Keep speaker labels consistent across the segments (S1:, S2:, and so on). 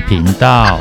S1: 頻道，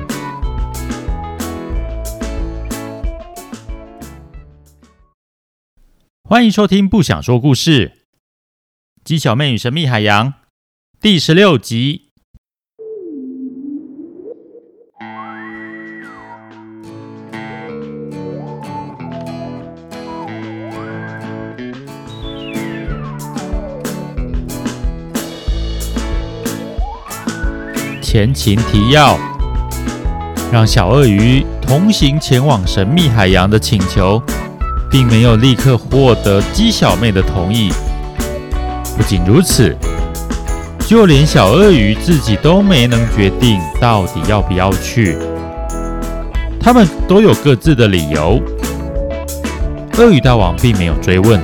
S1: 歡迎收聽《不想說故事》雞小妹與神秘海洋第十六集。前情提要：讓小鱷魚同行前往神秘海洋的請求，並沒有立刻獲得雞小妹的同意。不僅如此，就連小鱷魚自己都沒能決定到底要不要去。他們都有各自的理由。鱷魚大王並沒有追問，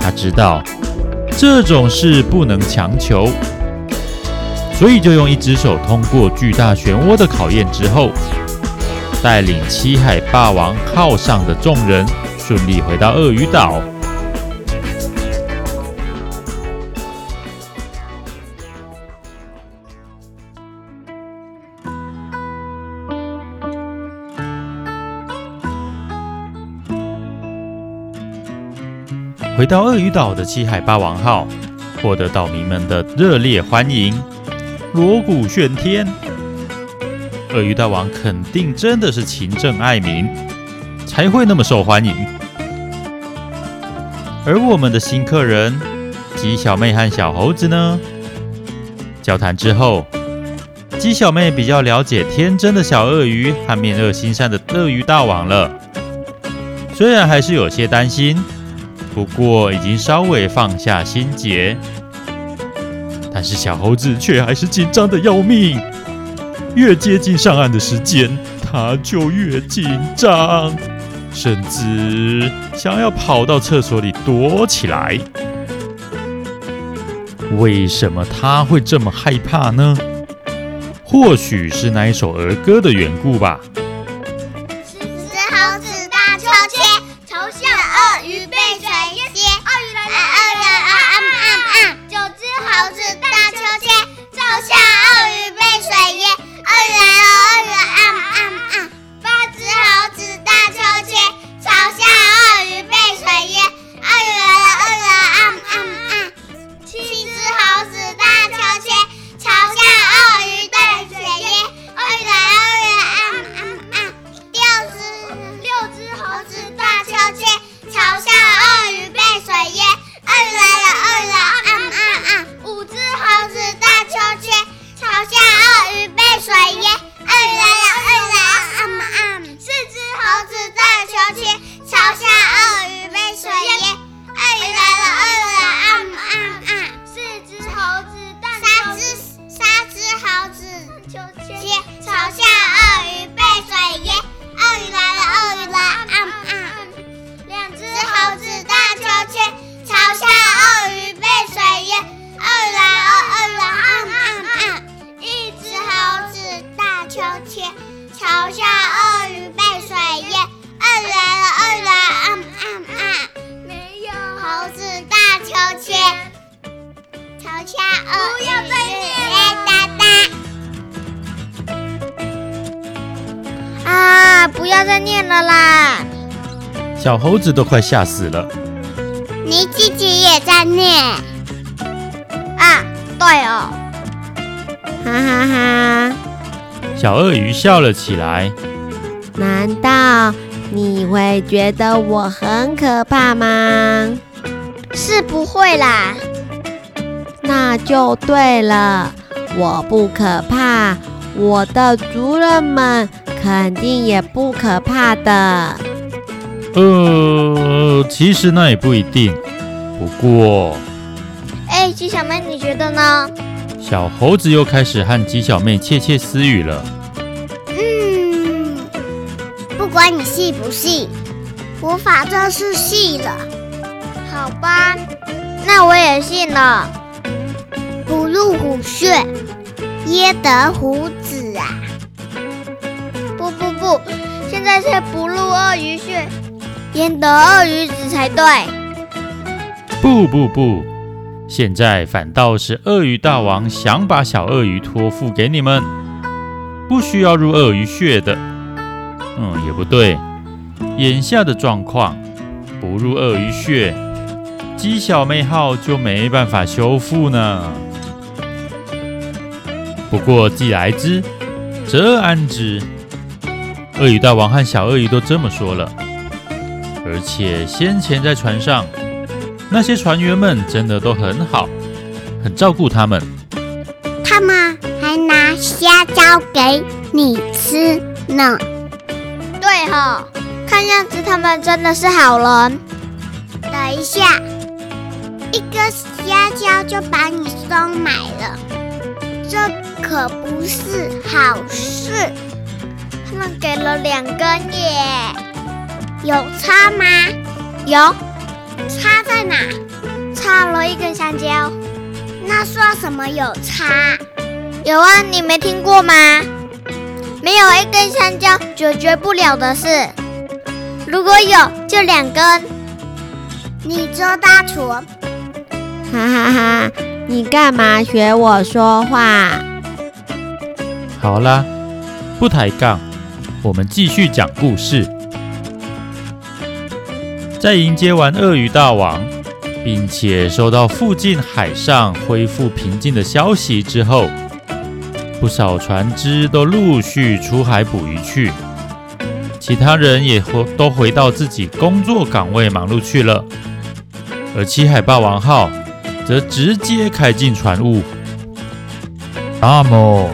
S1: 他知道這種事不能強求。所以，就用一隻手通過巨大漩渦的考驗之後，帶領七海霸王號上的眾人順利回到鱷魚島。回到鱷魚島的七海霸王號，獲得島民們的熱烈歡迎。鑼鼓喧天，鱷魚大王肯定真的是勤政愛民，才會那麼受歡迎。而我們的新客人雞小妹和小猴子呢？交談之後，雞小妹比較了解天真的小鱷魚和面惡心善的鱷魚大王了，雖然還是有些擔心，不過已經稍微放下心結。可是小猴子卻還是緊張的要命，越接近上岸的時間，他就越緊張，甚至想要跑到廁所裡躲起來。為什麼他會這麼害怕呢？或許是那一首兒歌的緣故吧。小猴子都快嚇死了。
S2: 你自己也在念啊？對哦，哈哈哈！
S1: 小鱷魚笑了起來。
S2: 難道
S3: 你會覺得我很可怕嗎？是不會啦。那就對了，我不可怕，我的族人們肯定也不可怕的。
S1: 呃，其實那也不一定，不過。哎、
S2: 欸，雞小妹，你覺得呢？
S1: 小猴子又開始和雞小妹竊竊私語
S2: 了。嗯，不管你信不信，我反正信了。好吧，那我也信了。不入虎穴，焉得虎子啊？不不不，現在是不入鱷魚穴。焉得鱷魚子才對？
S1: 不不不，現在反倒是鱷魚大王想把小鱷魚托付給你們，不需要入鱷魚穴的。嗯，也不對，眼下的狀況，不入鱷魚穴，雞小妹號就沒辦法修復呢。不過既來之，則安之。鱷魚大王和小鱷魚都這麼說了。而且先前在船上，那些船員們真的都很好，很照顧他們。
S2: 他們還拿香蕉給你吃呢。對哈，看樣子他們真的是好人。等一下，一根香蕉就把你收買了，這可不是好事。他們給了兩根耶。有差嗎？有。差在哪？差了一根香蕉。那算什麼有差？有啊，你沒聽過嗎？沒有一根香蕉解決不了的事。如果有，就兩根。你做大廚。哈
S3: 哈哈！你幹嘛學我說話？
S1: 好啦，不抬槓，我們繼續講故事。在迎接完鱷魚大王，並且收到附近海上恢復平靜的消息之後，不少船隻都陸續出海捕魚去，其他人也回都回到自己工作崗位忙碌去了，而七海霸王號則直接開進船塢。那麼，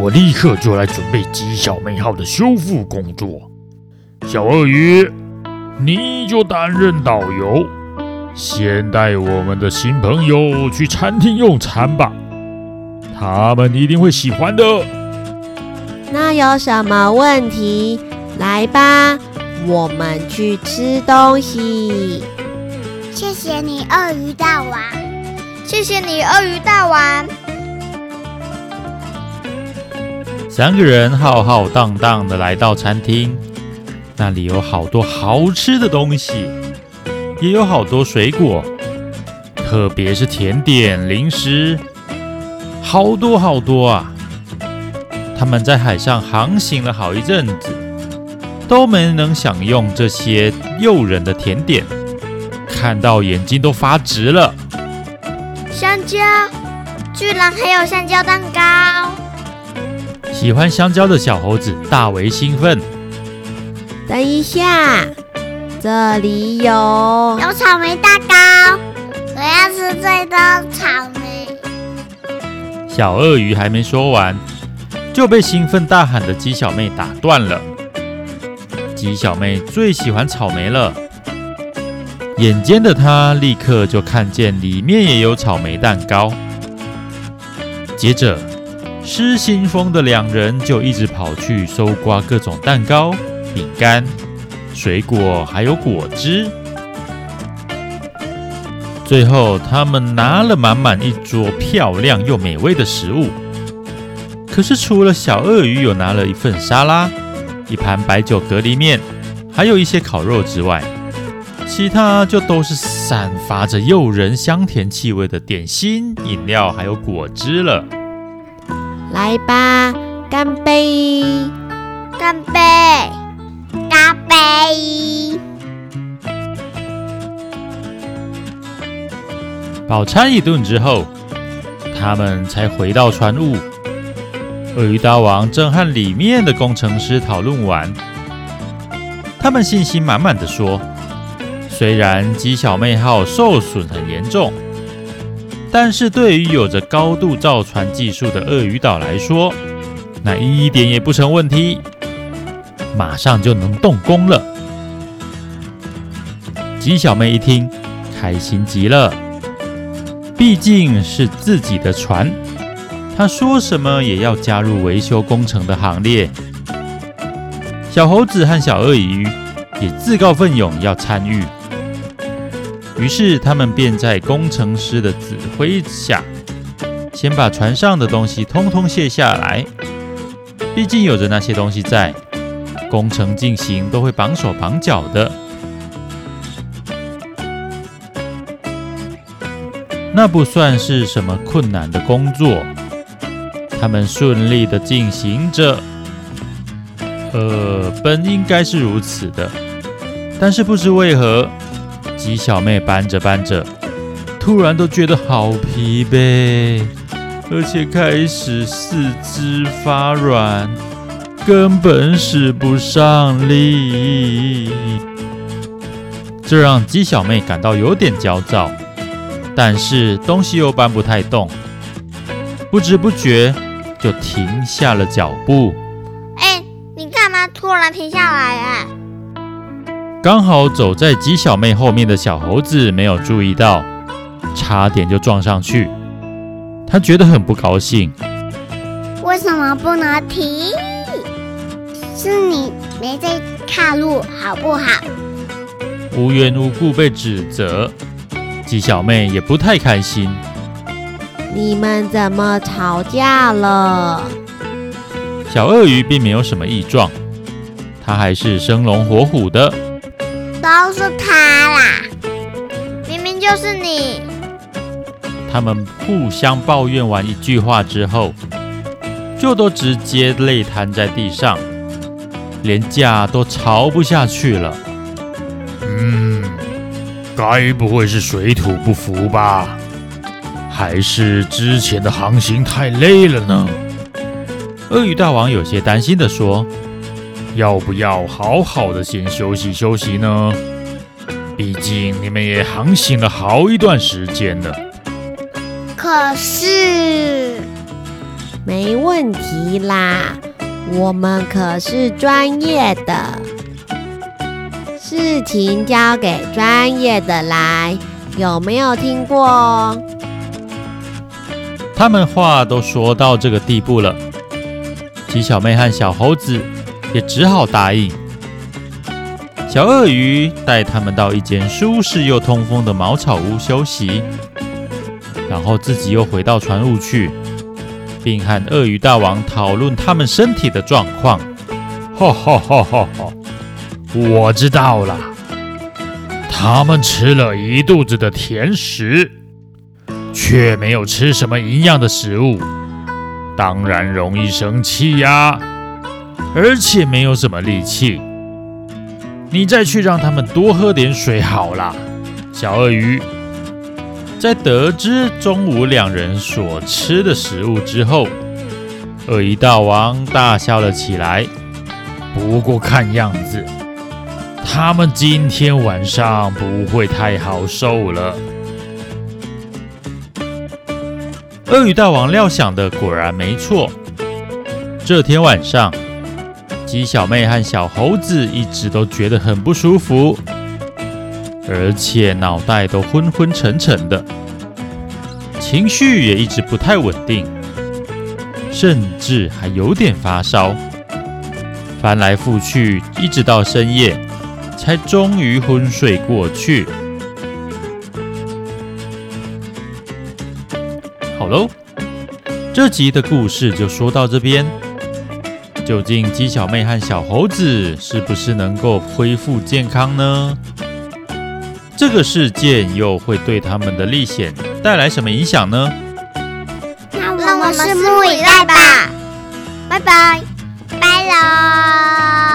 S1: 我立刻就來準備雞小妹號的修復工作，小鱷魚。你就擔任導遊，先帶我們的新朋友去餐廳用餐吧，他們一定會喜歡的。
S3: 那有什麼問題？來吧，我們去吃東西。
S2: 謝謝你，鱷魚大王。謝謝你，鱷魚大王。
S1: 三個人浩浩蕩蕩地來到餐廳。那裡有好多好吃的東西，也有好多水果，特別是甜點、零食，好多好多啊！他們在海上航行了好一陣子，都沒能享用這些誘人的甜點，看到眼睛都發直了。
S2: 香蕉，居然還有香蕉蛋糕！
S1: 喜歡香蕉的小猴子大為興奮。等一下，這
S3: 裡
S2: 有有草莓蛋糕，我要吃最多草莓。
S1: 小鱷魚還沒說完，就被興奮大喊的雞小妹打斷了。雞小妹最喜歡草莓了，眼尖的她立刻就看見裡面也有草莓蛋糕。接着，失心瘋的兩人就一直跑去搜刮各種蛋糕。餅乾、水果還有果汁。最後，他們拿了滿滿一桌漂亮又美味的食物。可是除了小鱷魚有拿了一份沙拉、一盤白酒蛤蜊麵，還有一些烤肉之外，其他就都是散發着誘人香甜氣味的點心、飲料還有果汁了。來
S3: 吧，乾杯！乾杯！
S2: 杯。
S1: 飽餐一頓之後，他們才回到船塢。鱷魚大王正和裡面的工程師討論完，他們信心滿滿地說：“雖然雞小妹號受損很嚴重，但是對於有着高度造船技術的鱷魚島來說，那一點也不成問題。”馬上就能動工了。雞小妹一聽，開心極了，畢竟是自己的船，她說什麼也要加入維修工程的行列。小猴子和小鱷魚也自告奮勇要參與，於是他們便在工程師的指揮下，先把船上的東西通通卸下來，畢竟有着那些東西在。工程進行都會綁手綁腳的，那不算是什麼困難的工作，他們順利的進行着，呃，本應該是如此的，但是不知為何，雞小妹搬着搬着，突然都覺得好疲憊，而且開始四肢發軟。根本使不上力，這讓雞小妹感到有點焦躁。但是東西又搬不太動，不知不覺就停下了腳步。
S2: 哎，你幹嘛突然停下來？哎，
S1: 剛好走在雞小妹後面的小猴子沒有注意到，差點就撞上去。他覺得很不高興。
S2: 為什麼不能停？是你沒在看路，好不好？
S1: 無緣無故被指責，雞小妹也不太開心。
S3: 你們怎麼吵架了？
S1: 小鱷魚並沒有什麼異狀，它還是生龍活虎的。
S2: 都是他啦！明明就是你。
S1: 他們互相抱怨完一句話之後，就都直接累癱在地上。連架都吵不下去了。嗯，該不會是水土不服吧？還是之前的航行太累了呢？鱷魚大王有些擔心的說：“要不要好好的先休息休息呢？畢竟你們也航行了好一段時間了。”
S3: 可是，沒問題啦。我們可是專業的，事情交給專業的來，有沒有聽過？
S1: 他們話都說到這個地步了，雞小妹和小猴子也只好答應。小鱷魚帶他們到一間舒適又通風的茅草屋休息，然後自己又回到船屋去。並和鱷魚大王討論他們身體的狀況。哈哈哈哈哈！我知道了，他們吃了一肚子的甜食，卻沒有吃什麼營養的食物，當然容易生氣呀、啊。而且沒有什麼力氣。你再去讓他們多喝點水好了，小鱷魚。在得知中午兩人所吃的食物之後，鱷魚大王大笑了起來。不過看樣子，他們今天晚上不會太好受了。鱷魚大王料想的果然沒錯，這天晚上，雞小妹和小猴子一直都覺得很不舒服。而且腦袋都昏昏沉沉的，情緒也一直不太穩定，甚至還有點發燒。翻來覆去，一直到深夜，才終於昏睡過去。好嘍，這集的故事就說到這邊。究竟雞小妹和小猴子是不是能夠恢復健康呢？這個事件又會對他們的歷險帶來什麼影響呢？
S2: 讓我們拭目以待吧。拜拜，拜嘍拜。拜拜。